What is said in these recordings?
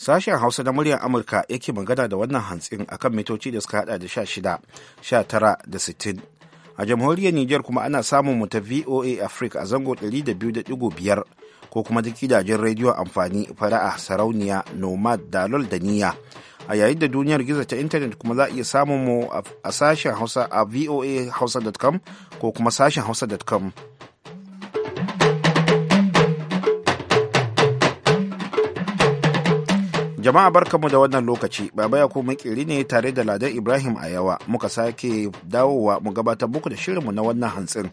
Sashen Hausa na muryar Amurka yake magana da wannan hantsin akan mitoci da suka hada da 16, da 60. A jamhuriyar Nijar kuma ana samun mu ta VOA Africa a zango da da biyu biyar ko kuma duk gidajen rediyo amfani fara'a sarauniya nomad dalol da niyya. A yayin da duniyar gizo ta intanet kuma za a iya samun mu a sashen Hausa a voa hausa.com ko kuma sashen Hausa.com. Jama'a barka mu da wannan lokaci, Baba ya kuma kiri ne tare da Ladan Ibrahim a yawa muka sake dawowa mu gabatar muku da shirin mu na wannan hantsin.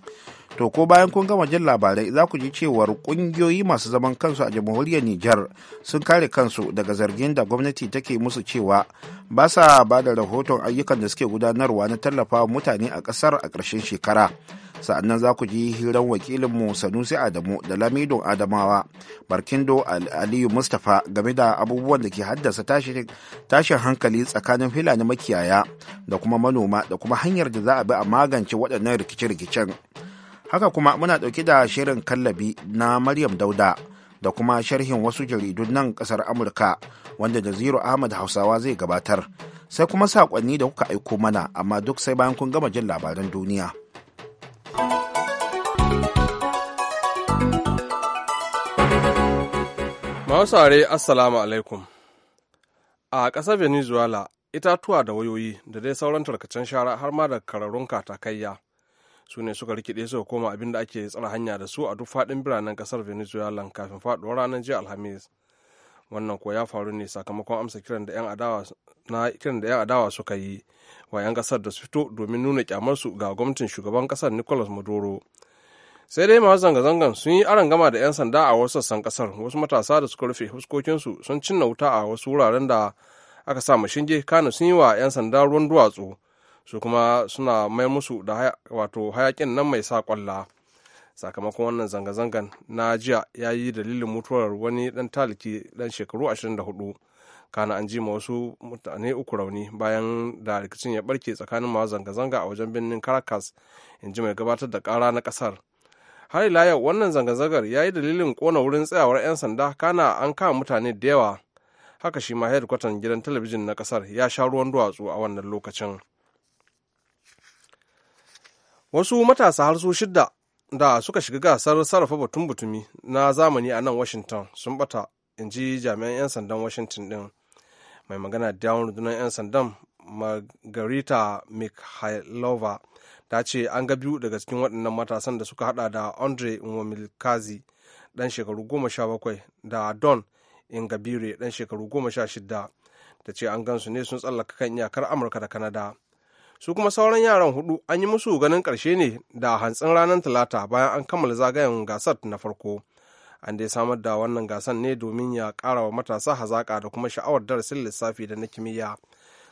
To ko bayan kun gama jin labarai za ku ji cewar kungiyoyi masu zaman kansu a jamhuriyar Nijar sun kare kansu daga zargin da gwamnati take musu cewa ba sa ba da rahoton ayyukan da suke gudanarwa na tallafa mutane a ƙasar a ƙarshen shekara. sa'annan za ku ji hiran wakilinmu sanusi adamu da lamidon adamawa barkindo aliyu mustapha game da abubuwan da ke haddasa tashin hankali tsakanin filani makiyaya da kuma manoma da kuma hanyar da za a bi a magance waɗannan rikice-rikicen haka kuma muna ɗauki da shirin kallabi na maryam dauda da kuma sharhin wasu jaridun nan ƙasar amurka wanda da zero ahmad hausawa zai gabatar sai kuma saƙonni da kuka aiko mana amma duk sai bayan kun gama jin labaran duniya. Mausare Assalamu alaikum. A ƙasar Venezuela, itatuwa da wayoyi da dai sauran tarkacen shara har ma da kararrun katakaiya su ne suka rikide suka koma abin da ake tsara hanya da su a duk faɗin biranen ƙasar Venezuela kafin faɗuwar ranar jiya Alhamis. Wannan ko ya faru ne sakamakon amsa kiran da 'yan adawa na kiran da 'yan adawa suka yi wa 'yan ƙasar da su fito domin nuna kyamarsu ga gwamnatin shugaban ƙasar Nicolas Maduro. sai dai masu zanga-zangan sun yi gama da 'yan sanda a wasu sassan kasar wasu matasa da suka rufe fuskokinsu sun cinna wuta a wasu wuraren da aka sa shinge kano sun yi wa 'yan sanda ruwan duwatsu su kuma suna mai musu da wato hayakin nan mai sa kwalla sakamakon wannan zanga-zangan na jiya ya yi dalilin mutuwar wani dan taliki dan shekaru 24 kana an ji ma wasu mutane uku rauni bayan da rikicin ya barke tsakanin masu zanga-zanga a wajen birnin caracas in ji mai gabatar da kara na kasar har ila yau wannan zanga-zangar ya yi dalilin kona wurin tsayawar 'yan sanda kana an kama mutane da yawa haka shi ma kwatan gidan talabijin na kasar ya sha ruwan duwatsu a wannan lokacin wasu matasa har su shidda da suka shiga gasar sarrafa batun butumi na zamani a nan washington sun bata in ji jami'an 'yan sandan washington din mai magana da yawon rundunar 'yan sandan margarita mikhailova ta ce an ga biyu daga cikin waɗannan matasan da suka hada da andre nwomilkazi ɗan shekaru goma sha bakwai da don ingabire ɗan shekaru goma sha shida ta ce an gansu ne sun tsallaka kan iyakar amurka da kanada su kuma sauran yaran hudu an yi musu ganin ƙarshe ne da hantsin ranar talata bayan an kammala zagayen gasar na farko an dai samar da wannan gasar ne domin ya ƙara wa matasa hazaƙa da kuma sha'awar darasin lissafi da na kimiyya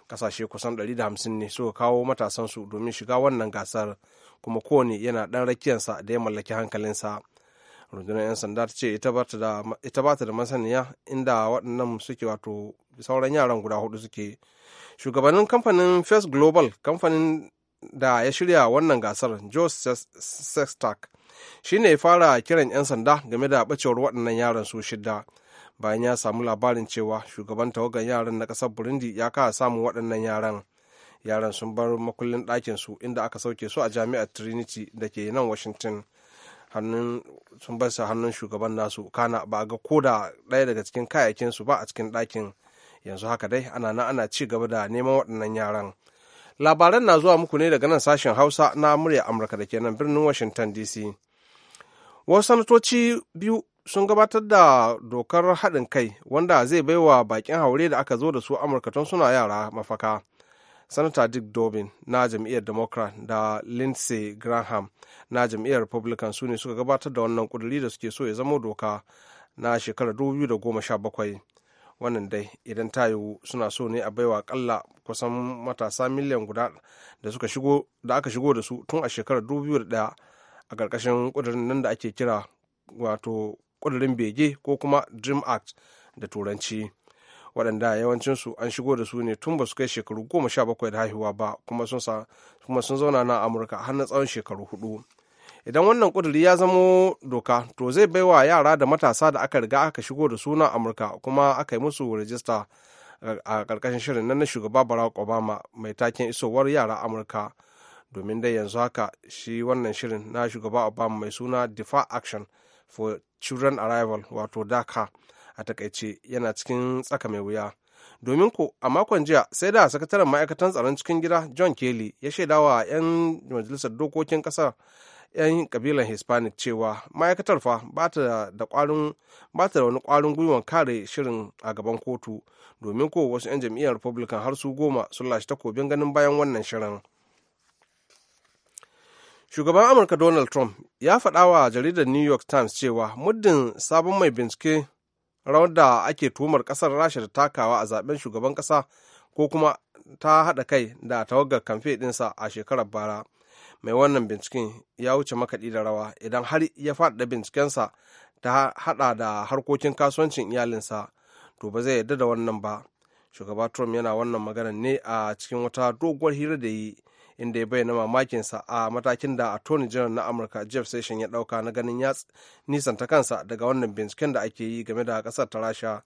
kasashe kusan 150 ne suka kawo matasansu domin shiga wannan gasar kuma kowane yana ɗan rakiyarsa da ya mallaki hankalinsa rundunar 'yan sanda ta ce ita ba ta da masaniya inda waɗannan suke wato sauran yaran guda hudu suke shugabannin kamfanin first global kamfanin da ya shirya wannan gasar joe sextak shine ya fara kiran 'yan sanda game da ɓacewar waɗannan yaran su shida bayan ya samu labarin cewa shugaban tawagar yaran na ƙasar burundi ya kawo samun waɗannan yaran yaran sun bar makullin ɗakin su inda aka sauke su a jami'ar trinity da ke nan washington hannun sun bar hannun shugaban nasu kana ba ga ko da ɗaya daga cikin kayayyakin su ba a cikin ɗakin yanzu haka dai ana nan ana ci gaba da neman waɗannan yaran labaran na zuwa muku ne daga nan sashen hausa na murya amurka da ke nan birnin washington dc wasu sanatoci biyu sun gabatar da dokar haɗin kai wanda zai baiwa bakin haure da aka zo da su amurka tun suna yara mafaka sanata dick dobin na jam'iyyar democrat da lindsey graham na jam'iyyar republican su ne suka gabatar da wannan kuduri da suke so ya zama doka na shekarar 2017 wannan dai idan ta yiwu suna so ne a baiwa kalla kusan matasa miliyan guda da aka shigo da su tun a shekarar 2001 a ƙarƙashin kudurin nan da ake kira wato ƙudurin bege ko kuma dream act da turanci waɗanda yawancinsu an shigo da su ne tun ba su kai shekaru goma sha bakwai da haihuwa ba kuma sun zauna na amurka har na tsawon shekaru hudu idan wannan ƙuduri ya zamo doka to zai baiwa yara da matasa da aka riga aka shigo da suna amurka kuma aka yi musu rajista a karkashin shirin na shugaba barack obama mai taken isowar yara amurka domin dai yanzu haka shi wannan shirin na shugaba obama mai suna defa action for children arrival wato daka a takaice yana cikin tsaka mai wuya domin ko a makon jiya sai da sakataren ma'aikatan tsaron cikin gida john kelly ya shaidawa 'yan majalisar dokokin kasar 'yan kabilan hispanic cewa ma'aikatar fa ba ta da wani kwarin gwiwan kare shirin a gaban kotu domin ko wasu 'yan jam'iyyar republican har su goma sun lashe takobin ganin bayan wannan shirin shugaban amurka donald trump ya faɗa wa jaridar new york times cewa muddin sabon mai bincike rawar da ake tuhumar ƙasar rasha da takawa a zaben shugaban ƙasa ko kuma ta haɗa kai da tawagar kamfe ɗinsa a shekarar bara mai wannan binciken ya wuce makaɗi da rawa idan har ya faɗaɗa bincikensa ta haɗa da harkokin kasuwancin iyalinsa to ba zai yarda da wannan ba shugaba trump yana wannan magana ne a cikin wata doguwar hira da yi inda ya bayyana sa a matakin da attorney general na amurka jeff session ya dauka na ganin ya nisanta kansa daga wannan binciken da ake yi game da ƙasar ta rasha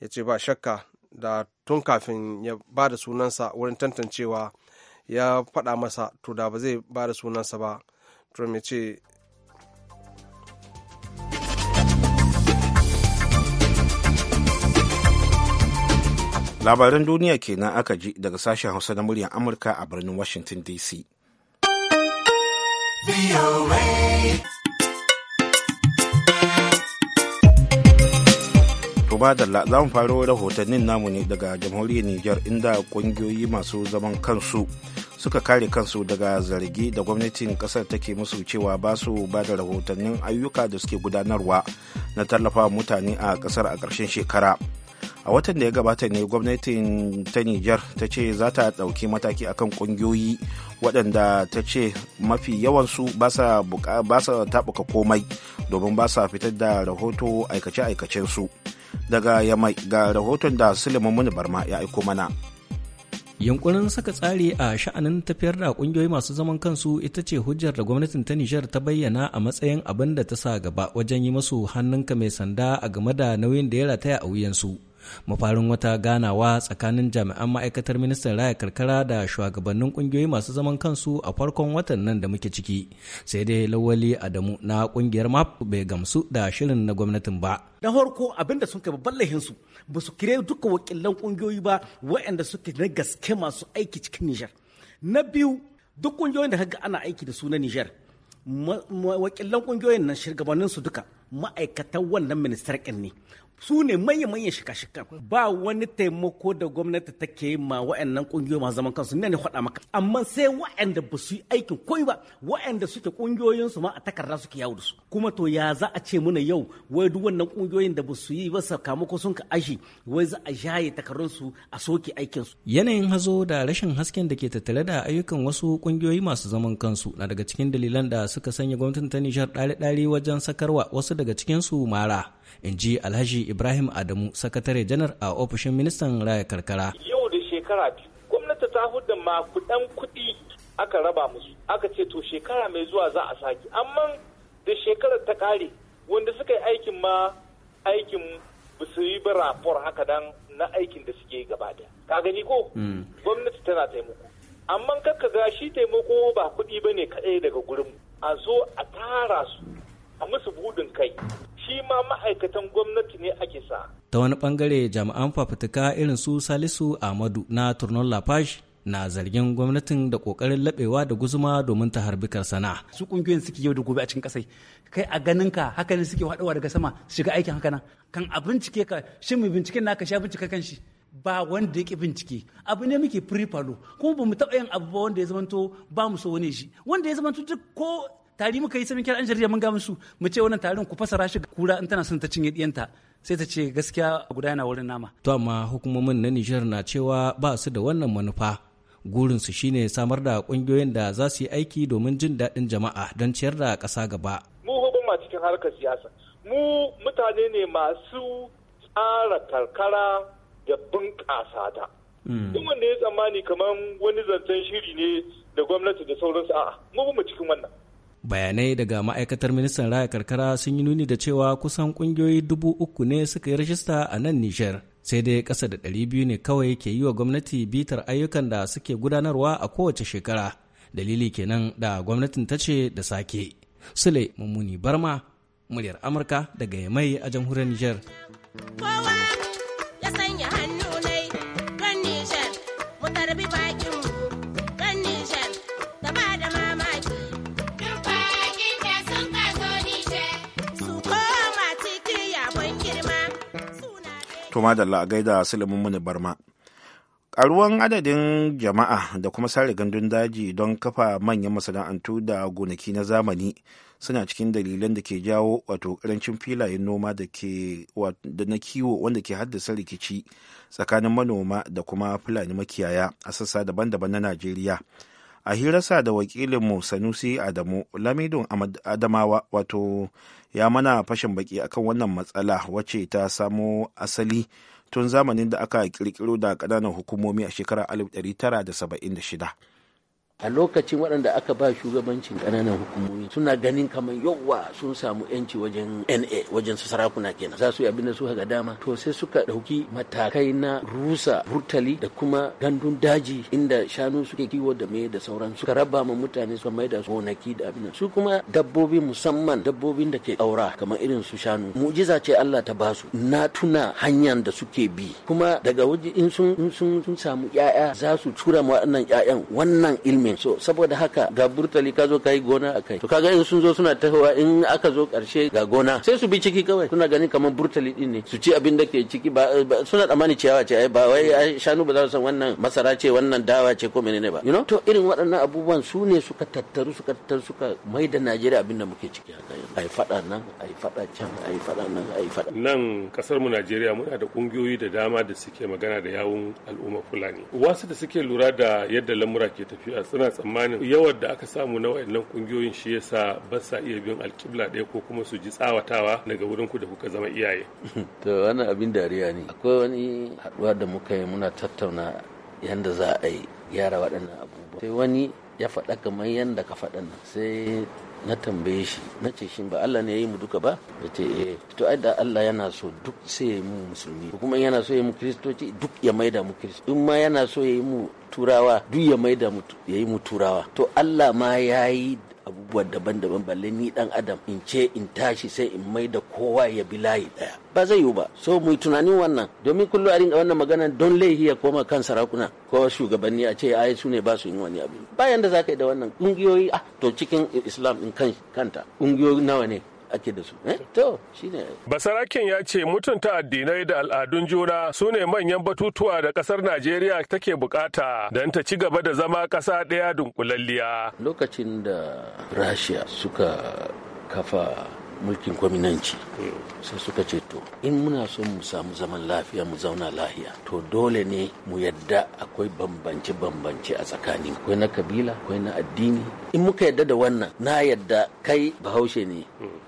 ya ce ba shakka da tun kafin ya ba da sunansa wurin tantancewa ya faɗa masa to da ba zai ba da sunansa ba trump ya ce labaran duniya kenan aka ji daga sashen hausa na muryar amurka a birnin washington dc Tubadalla za mu faro rahotannin namu ne daga jamhuriyar Nijar inda kungiyoyi masu zaman kansu suka kare kansu daga zargi da gwamnatin kasar take musu cewa ba su ba da rahotannin ayyuka da suke gudanarwa na tallafa mutane a kasar a ƙarshen shekara. a watan da ya gabata ne gwamnatin ta nijar ta ce za ta ɗauki mataki akan ƙungiyoyi waɗanda ta ce mafi yawansu ba sa taɓuka komai domin ba sa fitar da rahoto aikace-aikacensu daga yamai ga rahoton da suleiman muni barma ya aiko mana yankunan saka tsari a sha'anin tafiyar da kungiyoyi masu zaman kansu ita ce hujjar da gwamnatin ta nijar ta bayyana a matsayin abin da ta sa gaba wajen yi masu hannunka mai sanda a game da nauyin da ya rataya a wuyansu mafarin wata ganawa tsakanin jami'an ma'aikatar ministan raya karkara da shugabannin kungiyoyi masu zaman kansu a farkon watan nan da muke ciki sai dai lawali adamu na kungiyar map bai gamsu da shirin na gwamnatin ba na farko abinda sun kai babban su ba su kire duka wakilan kungiyoyi ba waɗanda suke na gaske masu aiki cikin nijar na biyu duk kungiyoyin da kaga ana aiki da su na nijar wakilan kungiyoyin nan shugabanninsu duka ma'aikatan wannan ministar ne su ne manya-manyan shika-shika ba wani taimako da gwamnati take yi ma wa'annan kungiyoyi masu zaman kansu ne ne faɗa maka amma sai wa'anda ba su yi aikin koyi ba wa'anda suke kungiyoyin su ma a takarda suke yawo da su kuma to ya za a ce muna yau wai duk wannan kungiyoyin da ba su yi ba sakamako sun ka ashi wai za a jaye takarun su a soke aikin su yanayin hazo da rashin hasken da ke tattare da ayyukan wasu kungiyoyi masu zaman kansu na daga cikin dalilan da suka sanya gwamnatin ta Nijar ɗare-ɗare wajen sakarwa wasu daga cikin su mara in ji alhaji ibrahim adamu sakatare janar a ofishin ministan raya karkara yau da shekara biyu gwamnati ta hudda makudan kudi aka raba musu aka ce to shekara mai zuwa za a sake amma da shekarar ta kare wanda suka yi aikin ma aikin ba su yi ba rapor haka dan na aikin da suke gaba da ka gani ko hmm. gwamnati tana taimako amma kakka ga shi taimako ba kudi ba ne kaɗai daga gurin a zo a tara su a musu budin kai shi ma ma'aikatan gwamnati ne ake sa. Ta wani bangare jami'an fafutuka irin su Salisu Ahmadu na Turnon Lafash na zargin gwamnatin da kokarin labewa da guzuma domin ta harbikar sana'a. Su kungiyoyin suke yau da gobe a cikin kasai. Kai a ganin ka haka ne suke haɗawa daga sama shiga aikin haka nan. Kan a bincike ka shin mai binciken naka sha bincike kan shi. ba wanda ya ki bincike abu ne muke firifalo kuma ba mu taɓa yin abu ba wanda ya zamanto ba mu so wani shi wanda ya zamanto duk ko tari muka yi samin kira an jarida mun ga musu mu ce wannan tarin ku fasara shi kura in tana son ta cinye diyanta sai ta ce gaskiya guda yana wurin nama to amma hukumomin na Nijar na cewa ba su da wannan manufa gurin su shine samar da kungiyoyin da za su yi aiki domin jin daɗin jama'a don ciyar da ƙasa gaba mu hukuma cikin harkar siyasa mu mutane ne masu tsara karkara da bunƙasa ta hmm. duk wanda ya tsammani kamar wani zancen shiri ne da gwamnati da sauransu a'a mu mu cikin wannan bayanai daga ma'aikatar ministan raya karkara sun yi nuni da cewa kusan kungiyoyi dubu uku ne suka yi rajista a nan nijar sai dai kasa da ɗari biyu ne kawai ke yi wa gwamnati bitar ayyukan da suke gudanarwa a kowace shekara dalili kenan da gwamnatin ta ce da sake sule mummuni barma muryar amurka daga yamai a jamhuriyar nijar to madalla a gaida silimin muni barma karuwan adadin jama'a da kuma sare gandun daji don kafa manyan masana'antu da gonaki na zamani suna cikin dalilan da ke jawo wato karancin filayen noma da na kiwo wanda ke haddasa rikici tsakanin manoma da kuma fulani makiyaya a sassa daban-daban na najeriya a sa da wakilinmu sanusi adamu lamidun adamawa wato ya mana fashin baki akan wannan matsala wacce ta samo asali tun zamanin da aka kirkiro da ƙananan hukumomi a shekarar 1976 a lokacin waɗanda aka ba shugabancin ƙananan hukumomi suna ganin kamar yawa sun samu yanci wajen na wajen su sarakuna kenan za su yi abin da su ga dama to sai suka ɗauki matakai na rusa burtali da kuma gandun daji inda shanu suke kiwo da me da sauran suka raba ma mutane su mai da gonaki da abin su kuma dabbobi musamman dabbobin da ke aura kamar irin su shanu mu'jiza ce Allah ta basu na tuna hanyar da suke bi kuma daga waje in sun samu 'ya'ya za su tura ma waɗannan 'ya'yan wannan ilmin ne so saboda haka ga burtali ka zo kai gona a kai to kaga in sun zo suna tahowa in aka zo karshe ga gona sai su bi ciki kawai suna gani kamar burtali din ne su ci abin da ke ciki ba suna tsammani ciyawa ce ai ba wai shanu ba za su san wannan masara ce wannan dawa ce ko menene ba you know to irin waɗannan abubuwan su ne suka tattaru suka tattaru suka mai da Najeriya abin da muke ciki haka yanzu ai fada nan ai fada can ai fada nan ai fada nan kasar mu Najeriya muna da kungiyoyi da dama da suke magana da yawun al'umma Fulani wasu da suke lura da yadda lamura ke tafiya suna tsammanin yawan da aka samu na wayannan kungiyoyin shi yasa ba sa iya bin alkibla ɗaya ko kuma su ji tsawatawa daga wurin ku da kuka zama iyaye to wannan abin dariya ne akwai wani haɗuwa da muka yi muna tattauna yadda za a yi gyara waɗannan abubuwa sai wani ya faɗa kamar yadda ka faɗa sai na tambaye shi na ce shin ba Allah ne ya yi mu duka ba ya ce eh to ai da Allah yana so duk sai ya yi mu musulmi kuma yana so ya yi mu kristoci duk ya maida mu kristo in ma yana so ya yi mu turawa duk ya maida ya yi mu turawa to Allah ma ya yi abubuwa daban-daban balle ni dan adam in ce in tashi sai in mai da kowa ya bi layi daya ba zai yiwu ba so mu tunanin wannan domin kullu a ringa wannan magana don laihi ya koma kan sarakuna ko shugabanni a ce ai su ne ba su yin wani abu bayan da zaka yi da wannan kungiyoyi ah to cikin islam in kan kanta kungiyoyi nawa ne ake da su eh? to shine basaraken ya ce mutunta addinai da al'adun juna su ne manyan batutuwa da ƙasar najeriya take bukata don ta ci gaba da zama ƙasa ɗaya dunkulalliya lokacin da rasha suka kafa mulkin kwaminanci sai suka ce to in muna so mu samu zaman lafiya mu zauna lahiya to dole ne mu yadda akwai bambance bambance a tsakani akwai na kabila akwai na addini in muka yadda da wannan na yadda kai bahaushe ne hmm.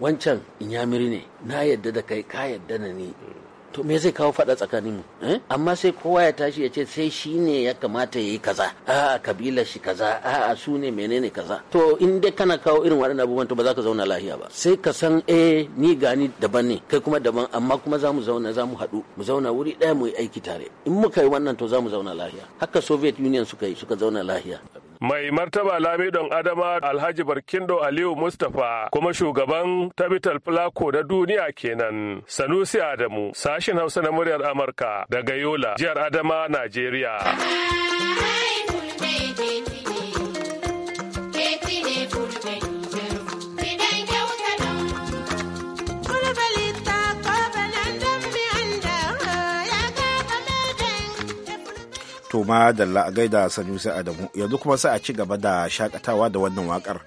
wancan inyamiri ne na yadda da kai ka yadda na ni to me zai kawo faɗa tsakanin mu eh? amma sai kowa ya tashi ya ce sai shi ne ya kamata ya yi kaza a kabila shi kaza a su ne menene kaza to in dai kana kawo irin waɗannan abubuwan to ba za ka zauna lahiya ba sai ka san eh ni gani daban ne kai kuma daban amma kuma za mu zauna za mu haɗu mu zauna wuri ɗaya mu yi aiki tare in muka yi wannan to za mu zauna lahiya haka soviet union suka yi suka zauna lahiya mai martaba lamidon adama alhaji barkindo aliyu mustapha kuma shugaban tabital plako na duniya kenan sanusi adamu sashen hausa na muryar amurka daga yola jihar adama najeriya to ma da gaida sanusi adamu yanzu kuma sai a ci gaba da shakatawa da wannan wakar.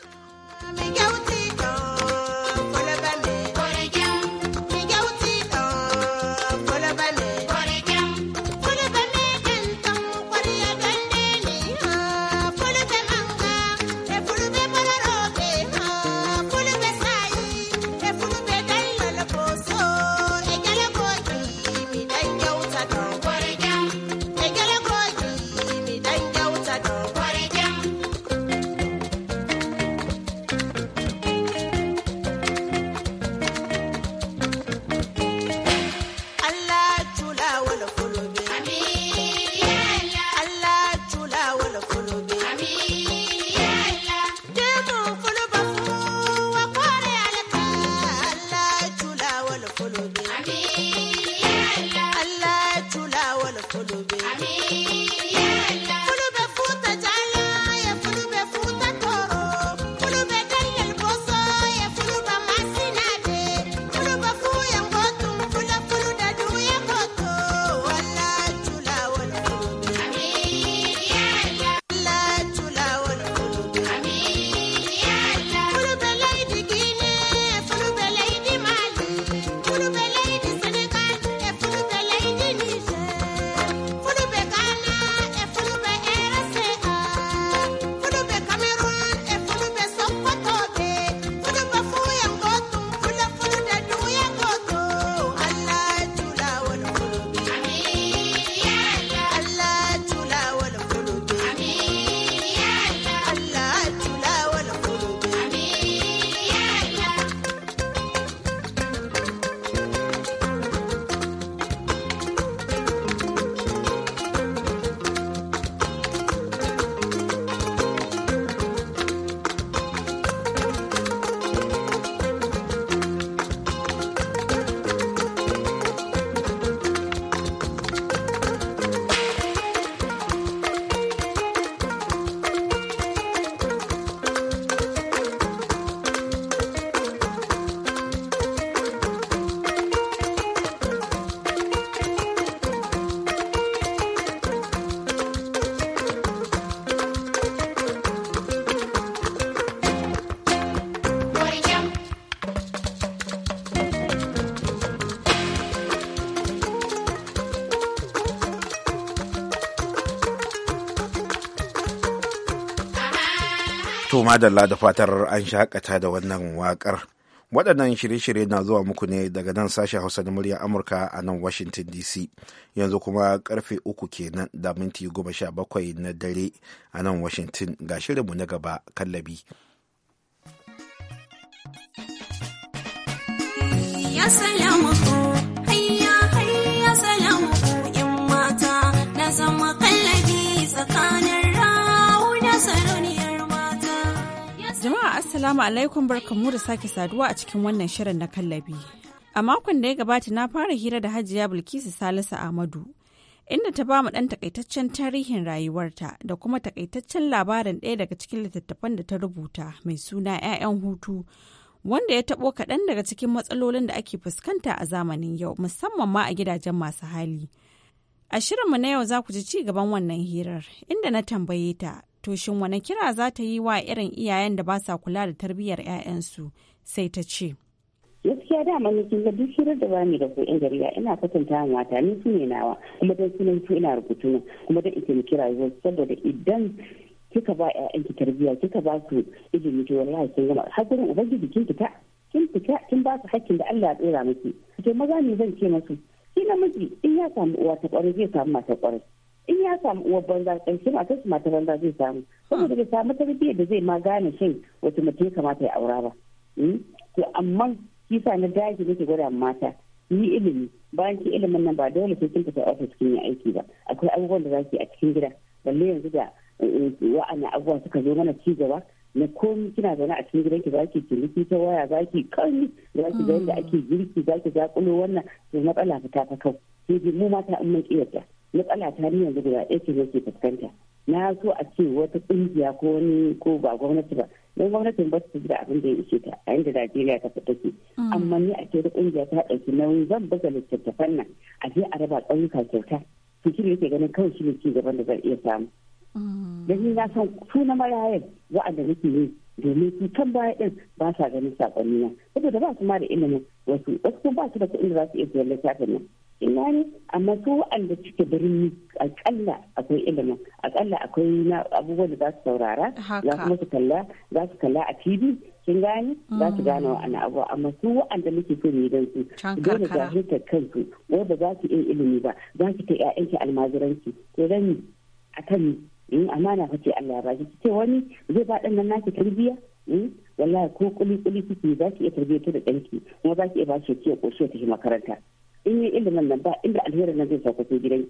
To madalla da fatar an shakata da wannan wakar. Waɗannan shirye-shirye na zuwa muku ne daga nan sashen Hausa da muryar Amurka a nan Washington DC. Yanzu kuma karfe uku kenan da minti goma sha bakwai na dare a nan Washington ga shirinmu na gaba kallabi. Ya salamu hayya salamu in mata na zama kallabi tsakanin Assalamu alaikum barkamu da sake saduwa a cikin wannan shirin na kallabi. A makon da ya gabata na fara hira da Hajiya Bilkisu Salisu Ahmadu, inda ta ba mu ɗan takaitaccen tarihin rayuwarta da kuma takaitaccen labarin ɗaya daga cikin littattafan da ta rubuta mai suna 'ya'yan hutu, wanda ya taɓo kaɗan daga cikin matsalolin da ake fuskanta a zamanin yau, musamman ma a gidajen masu hali. A shirinmu na yau za ku ji ci gaban wannan hirar, inda na tambaye ta to shin wani kira za ta yi wa irin iyayen da ba sa kula da tarbiyyar 'ya'yansu sai ta ce gaskiya dama ni kin ga duk shirar da bani da koyon gariya ina kwatanta wa mata ni su ne nawa kuma dan sunan su ina rubutu ne kuma dan ita mu kira yau saboda idan kika ba ki tarbiyya kika ba su ilimi to wallahi kin gama hakurin ubangiji kin fita kin fita kin ba su hakkin da Allah ya tsira miki to maza ne zan ce masu shi namiji in ya samu uwa ta kwarai zai samu mata kwarai in ya samu uwar banza ƙarshe matar su mata banza zai samu saboda bai samu tarbiyyar da zai ma gane shin wata mutum kamata ya aura ba hmm? to amma kisa na daji nake gwada mata yi ilimi bayan ki ilimin nan ba dole sai kin tafi ofis kin yi aiki ba akwai abubuwan da zaki a cikin gida balle yanzu da eh, wa'annan abubuwan suka zo mana ci gaba na komi kina zaune a cikin gidan za ki ciniki ta waya za ki kalmi za ki ga yadda ake girki za ki zakulo wannan to matsala ta ta kau sai mu mata in mun kiyarta matsala ta ni yanzu guda ɗaya ce ke fuskanta na so a ce wata ƙungiya ko wani ko ba gwamnati ba don gwamnatin ba su da abin da ya ishe ta a inda Najeriya ta fita ke mm. amma ni a ce da ƙungiya ta ɗauki nauyin zan baza littattafan nan a je a raba ƙauyuka kyauta to shi yake ganin kawai shi ne ci gaban da zan iya samu. Mm. Da ni na san su na marayen wa'anda nake yi domin su kan baya ɗin ba sa ganin saƙonni na saboda ba su ma da ilimin wasu wasu kuma ba su da kuɗin da za su iya siyan littafin nan. ina ne amma su waɗanda suke birni akalla akwai ilimin akalla akwai na abubuwan da za su saurara za kuma su kalla za su kalla a tv kin gane za su gane wa'ana abu amma su waɗanda muke so ne don su dole jahilta kansu wanda za su iya ilimi ba za su ta ƴaƴanki almajiranci ko rani a kan in amana fa ce Allah ba ki ce wani zai ba ɗan nan naki tarbiyya hmm? wallahi ko kuli kuli kike za ki iya tarbiyyar da ɗanki kuma za ki iya ba shi ya ƙoshi ta makaranta in yi ilimin nan ba inda alherin na zai sauka ko ki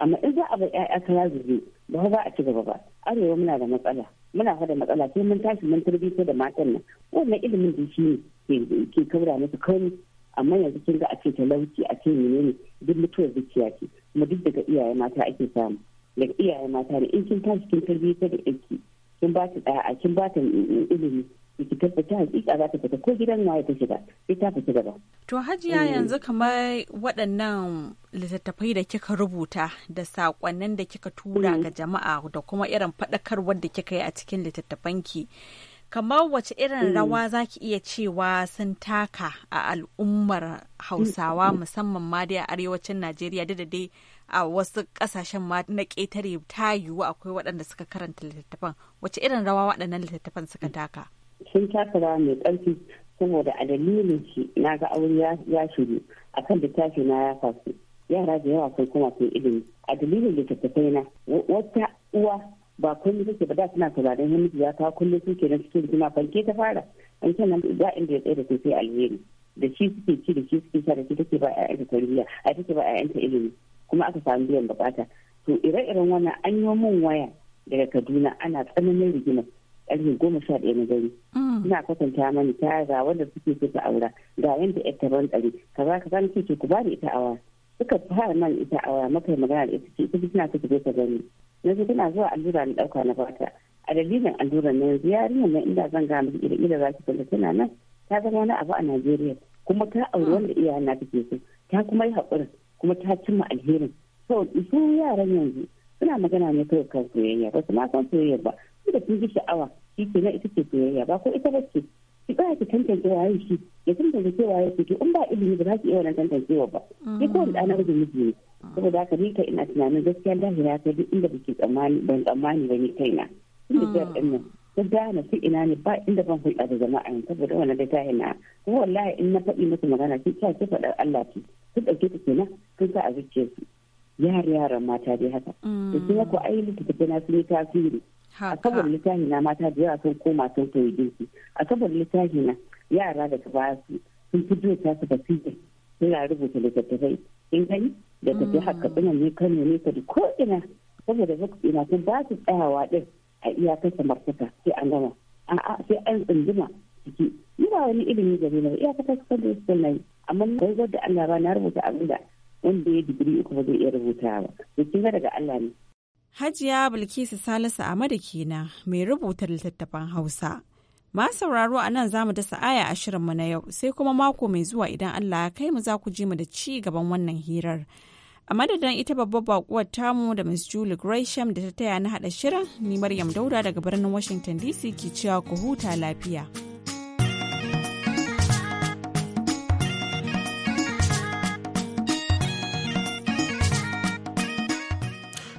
amma in za a bar ƴaƴa kaya zube ba ba a ci gaba ba arewa muna da matsala muna fa da matsala sai mun tashi mun tarbiyya da matan nan wannan ilimin da shi ne ke kaura musu kauni amma yanzu kin ga a ce talauci a ce menene duk mutuwar zuciya ce kuma duk daga iyaye mata ake samu daga iyaye mata ne in kin tashi kin tarbiyya da ɗanki kin ba ta ɗaya kin ba ta ilimi ki To hajiya eh. yanzu kamar waɗannan littattafai da kika rubuta da saƙonnin da kika tura mm. ga jama'a da kuma irin faɗakarwar da kika yi a cikin littattafanki. Kamar wace irin mm. rawa za ki iya cewa sun taka a al'ummar Hausawa mm. musamman ma dai a arewacin Najeriya da dai a wasu ƙasashen ma na ƙetare ta yiwu akwai waɗanda suka karanta littattafan wace irin rawa waɗannan littattafan suka taka? sun taka rawa mai ƙarfi saboda a dalilin shi na ga aure ya shiru akan littafi na ya faso yara da yawa sun kuma sun ilimi a dalilin littattafai na wata uwa ba kullum suke ba da suna sauraron hannun ya kawo kullum suke na suke suna farke ta fara an ce nan ba inda ya tsaye da su sai alheri da shi suke ci da shi suke sha da shi take ba ƴaƴanta tarbiyya a take ba ƴaƴanta ilimi kuma aka samu biyan bukata to ire-iren wannan an yi min waya daga kaduna ana tsananin rigima karfe goma sha ɗaya na dare mm. ina kwatanta mani ta ga wanda suke so ta aura ga yanda yar ta ban ka kaza ka gani ce ku bani ita awa suka fara man ita awa maka magana da ita ce ita suna ta ta gani yanzu tana zuwa allura na ɗauka na bata a dalilin alluran na yanzu yarinyar nan inda zan ga da ire ire za ki kalla tana nan ta zama wani abu a Najeriya kuma ta auri wanda iyayen na ke so ta kuma yi haƙurin kuma ta cimma alherin so su yaran yanzu suna magana ne kawai kan soyayya ba su ma san soyayya ba su da kun ji sha'awa shi ke na ita ce soyayya ba ko ita bace ki tsaya ki tantance waye shi ya tantance ke waye shi in ba ilimi ba za ki iya wannan tantancewa ba ni ko da na mijin miji ne saboda haka ni kai ina tunanin gaskiya da ya ta duk inda ki tsammani ban tsammani ba ni kaina tun da ɗin nan ta gane su ina ne ba inda ban hulɗa da jama'a saboda wannan da ta na kuma wallahi in na faɗi musu magana sun kya ce faɗar Allah ce sun ɗauke ta kenan sun sa a zuciyarsu yara yaran mata dai haka da mm. kuma ko ai littattafai na sun yi tasiri a kabar littafi na mata da yawa sun koma sun koyi girki a kabar littafi na yara da ta basu sun fi jiya ta su basira suna rubuta littattafai in gani da tafi haka ina mm. ne kano ne ka ko ina saboda ina sun ba su tsayawa din a iyakar samartaka sai an gama a'a sai an tsunduma ciki ni wani ilimi da gare ka iyakar sakandare school na yi amma gwagwar da Allah ba na rubuta abin da wanda ya digiri uku ba zai iya rubuta ba to kin ga daga Allah ne Hajiya Bilkisu Salisu Amadu kenan mai rubuta littattafan Hausa. Ma sauraro a nan za mu dasa aya a shirinmu na yau sai kuma mako mai zuwa idan Allah ya kai mu za ku ji mu da ci gaban wannan hirar. A madadin ita babbar bakuwar tamu da ms Julie Gresham da ta taya na haɗa shirin, ni Maryam Dauda daga birnin Washington DC ke cewa ku huta lafiya.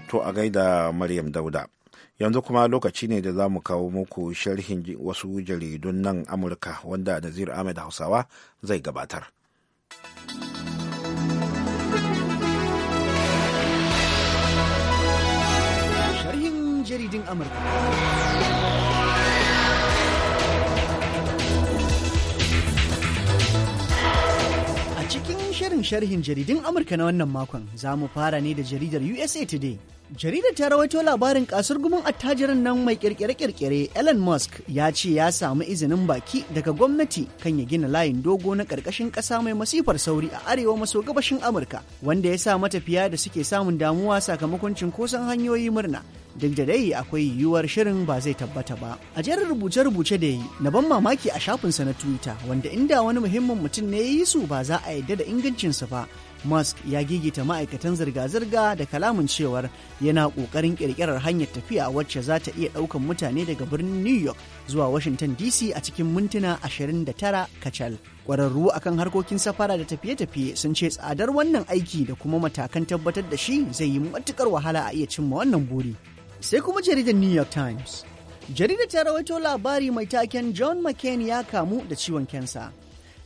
To a gaida Maryam Dauda. Yanzu kuma lokaci ne da za mu kawo muku sharhin wasu jaridun nan Amurka wanda Nazir Ahmed Hausawa zai gabatar. Sharhin jaridin Amurka. cikin shirin sharhin jaridun Amurka na wannan makon za mu fara ne da jaridar USA Today Jaridar ta rawaito labarin kasar gumin attajirin nan mai kirkire-kirkire Elon Musk ya ce ya samu izinin baki daga gwamnati kan ya gina layin dogo na ƙarƙashin ƙasa mai masifar sauri a arewa maso gabashin Amurka wanda ya sa matafiya da suke samun damuwa sakamakon cinkoson hanyoyi murna. Duk da dai akwai yiwuwar shirin ba zai tabbata ba. A jerin rubuce-rubuce da yi na ban mamaki a shafinsa na Twitter wanda inda wani muhimmin mutum ne ya yi su ba za a yadda da ingancinsa ba musk ya gigita ma'aikatan zirga-zirga da kalamin cewar yana ƙoƙarin ƙirƙirar hanyar tafiya wacce za ta iya ɗaukan mutane daga birnin new york zuwa washington dc a cikin mintuna 29 kacal ƙwararru akan harkokin safara da tafiye-tafiye sun ce tsadar wannan aiki da kuma matakan tabbatar da shi zai yi matuƙar wahala a iya cimma wannan buri sai kuma jaridar new york times jaridar ta rawaito labari mai taken john mccain ya kamu da ciwon kensa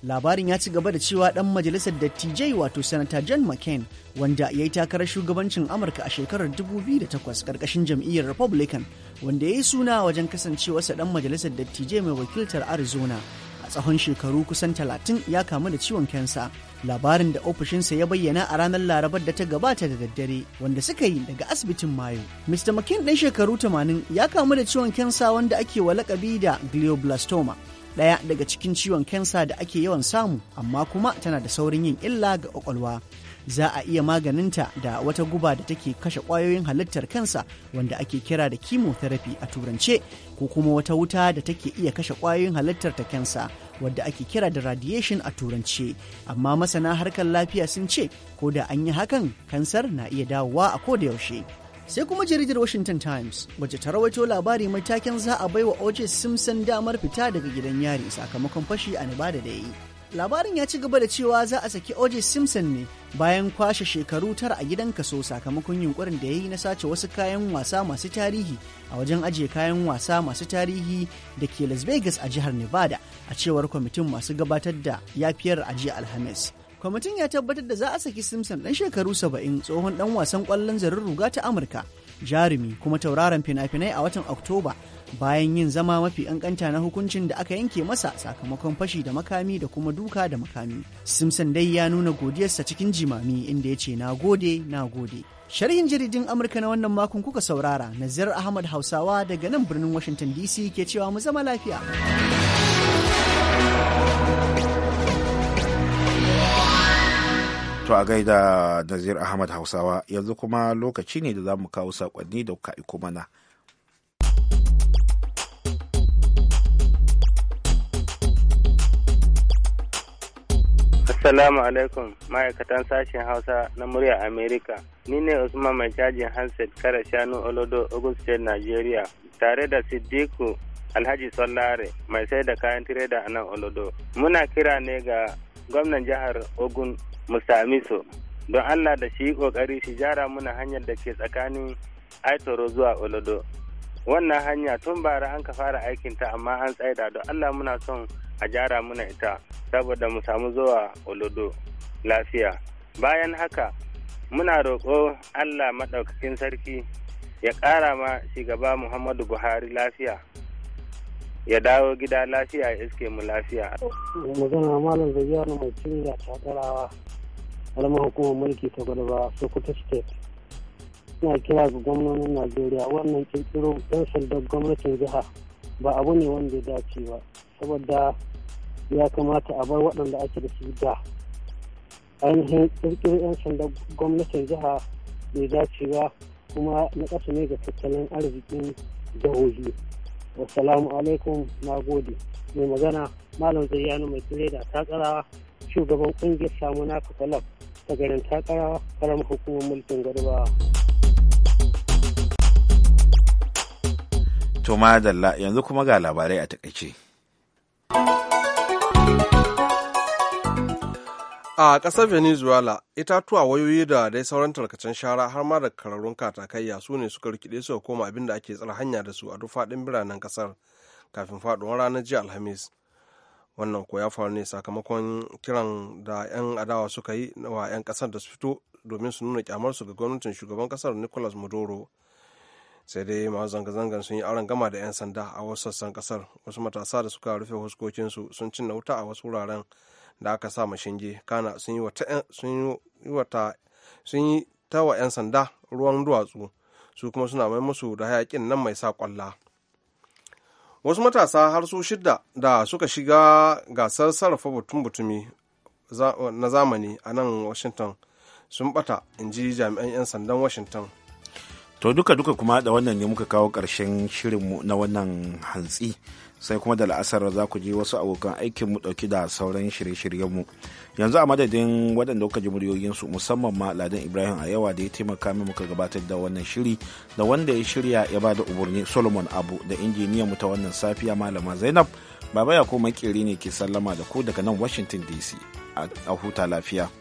labarin ya ci gaba da cewa dan majalisar dattijai wato sanata john mccain wanda ya yi takarar shugabancin amurka a shekarar 2008 karkashin jam'iyyar republican wanda ya yi suna wajen kasancewarsa dan majalisar dattijai mai wakiltar arizona a tsawon shekaru kusan 30 ya kamu da ciwon kansa labarin da ofishinsa ya bayyana a ranar larabar da ta gabata da daddare wanda suka yi daga asibitin mayo mr mccain dan shekaru 80 ya kamu da ciwon kansa wanda ake wa lakabi da glioblastoma ɗaya daga cikin ciwon kansa da ake yawan samu amma kuma tana da saurin yin illa ga ƙwaƙwalwa za a iya maganinta da wata guba da take kashe ƙwayoyin halittar kansa wanda ake kira da chemotherapy a turance ko kuma wata wuta da take iya kashe ƙwayoyin halittar ta kansa wadda ake kira da radiation a turance amma masana harkar lafiya sun ce ko da an yi hakan kansar na iya dawowa a ko da yaushe sai kuma jaridar washington times wacce ta rawaito labari mai taken za a baiwa oj simpson damar fita daga gidan yari sakamakon fashi a nevada da yi labarin ya ci gaba da cewa za a saki oj simpson ne bayan kwashe shekaru tara a gidan kaso sakamakon yunkurin da ya yi na sace wasu kayan wasa masu tarihi a wajen ajiye kayan wasa masu tarihi da ke las vegas a jihar nevada a cewar kwamitin masu gabatar da yafiyar ajiye alhamis kwamitin ya tabbatar da za a saki simpson ɗan shekaru saba'in tsohon ɗan wasan ƙwallon zarin ruga ta amurka jarumi kuma tauraron fina-finai a watan oktoba bayan yin zama mafi ƙanƙanta na hukuncin da aka yanke masa sakamakon fashi da makami da kuma duka da makami simpson dai ya nuna godiyarsa cikin jimami inda ya ce na gode na gode sharhin jaridin amurka na wannan makon kuka saurara nazir ahmad hausawa daga nan birnin washington dc ke cewa mu zama lafiya To a gaida Nazir Ahmad Hausawa yanzu kuma lokaci ne da za mu kawo sakonni da kuka iko mana. Assalamu alaikum ma'aikatan sashen Hausa na murya Amerika. Ni ne Usman mai cajin hanset kare shanu Olodo Ogun State Nigeria tare da Siddiku Alhaji Sallare mai sai da kayan tireda a nan Olodo. Muna kira ne ga gwamnan jihar Ogun mu sami su don allah da shi kokari shi jara muna hanyar da ke tsakanin aitoro zuwa olodo wannan hanya tun bara an ka fara ta amma an tsaida don allah muna son a jara muna ita saboda mu samu zuwa olodo lafiya bayan haka muna roƙo allah maɗaukakin sarki ya ƙara ma shugaba muhammadu buhari lafiya ya dawo gida lafiya ya iske mu lafiya. magana malam zai yi mai cinya ta karawa karamar hukumar mulki ta gwalba sokoto state ina kira ga gwamnonin najeriya wannan kirkiro yan sandar gwamnatin jiha ba abu ne wanda ya dace ba saboda ya kamata a bar waɗanda ake da su da ainihin kirkiro yan sandar gwamnatin jiha bai dace ba kuma na ƙasa ne ga tattalin arzikin jihohi Wassalamu alaikum na gode. Mai magana Malam Zayyano mai tsire da takarawa shugaban kungiyar samu na kakalab ta garin takarawa karamar hukumar mulkin garba. To madalla yanzu kuma ga labarai a takaice. a ƙasar venezuela itatuwa wayoyi da dai sauran tarkacen shara har ma da kararrun katakaiya su ne suka rikide su koma abin da ake tsara hanya da su a duk faɗin biranen ƙasar kafin faɗuwar ranar jiya alhamis wannan ko ya faru ne sakamakon kiran da 'yan adawa suka yi wa 'yan ƙasar da su fito domin su nuna kyamarsu ga gwamnatin shugaban ƙasar nicolas maduro sai dai masu zanga zangan sun yi aron gama da 'yan sanda a wasu sassan ƙasar wasu matasa da suka rufe huskokinsu sun cinna wuta a wasu wuraren da aka sa shinge kana sun yi ta wa 'yan sanda ruwan duwatsu su kuma suna mai musu da hayakin nan mai sa kwalla wasu matasa har su shidda da suka shiga gasar sarrafa butun butumi na zamani a nan washington sun bata in ji jami'an 'yan sandan washington to duka duka kuma da wannan ne muka kawo ƙarshen shirinmu na wannan hantsi sai kuma da la'asar za ku ji wasu abokan aikin mu dauki da sauran shirye-shiryenmu yanzu a madadin wadanda kuka ji muryoyinsu musamman ma ladan ibrahim a yawa da ya taimaka min muka gabatar da wannan shiri da wanda ya shirya ya ba da umarni solomon abu da injiniyan mu ta wannan safiya malama zainab baba ya ko makeri ne ke sallama da ku daga nan washington dc a huta lafiya